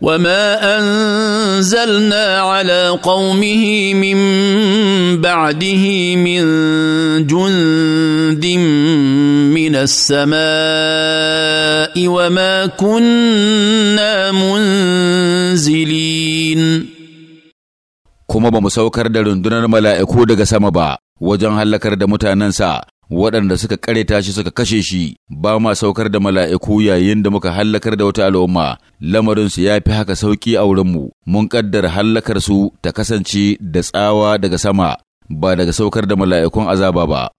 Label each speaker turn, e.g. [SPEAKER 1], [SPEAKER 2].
[SPEAKER 1] وما انزلنا على قومه من بعده من جند من السماء وما كنا منزلين
[SPEAKER 2] kuma ba mu saukar da rundunar mala'iku daga sama ba wajen hallakar da mutanensa waɗanda suka ta shi suka kashe shi ba ma saukar da mala'iku yayin da muka hallakar da wata al'umma lamarinsu ya fi haka sauƙi a wurinmu mun ƙaddara hallakar su ta kasance da tsawa daga sama ba daga saukar da mala'ikun azaba ba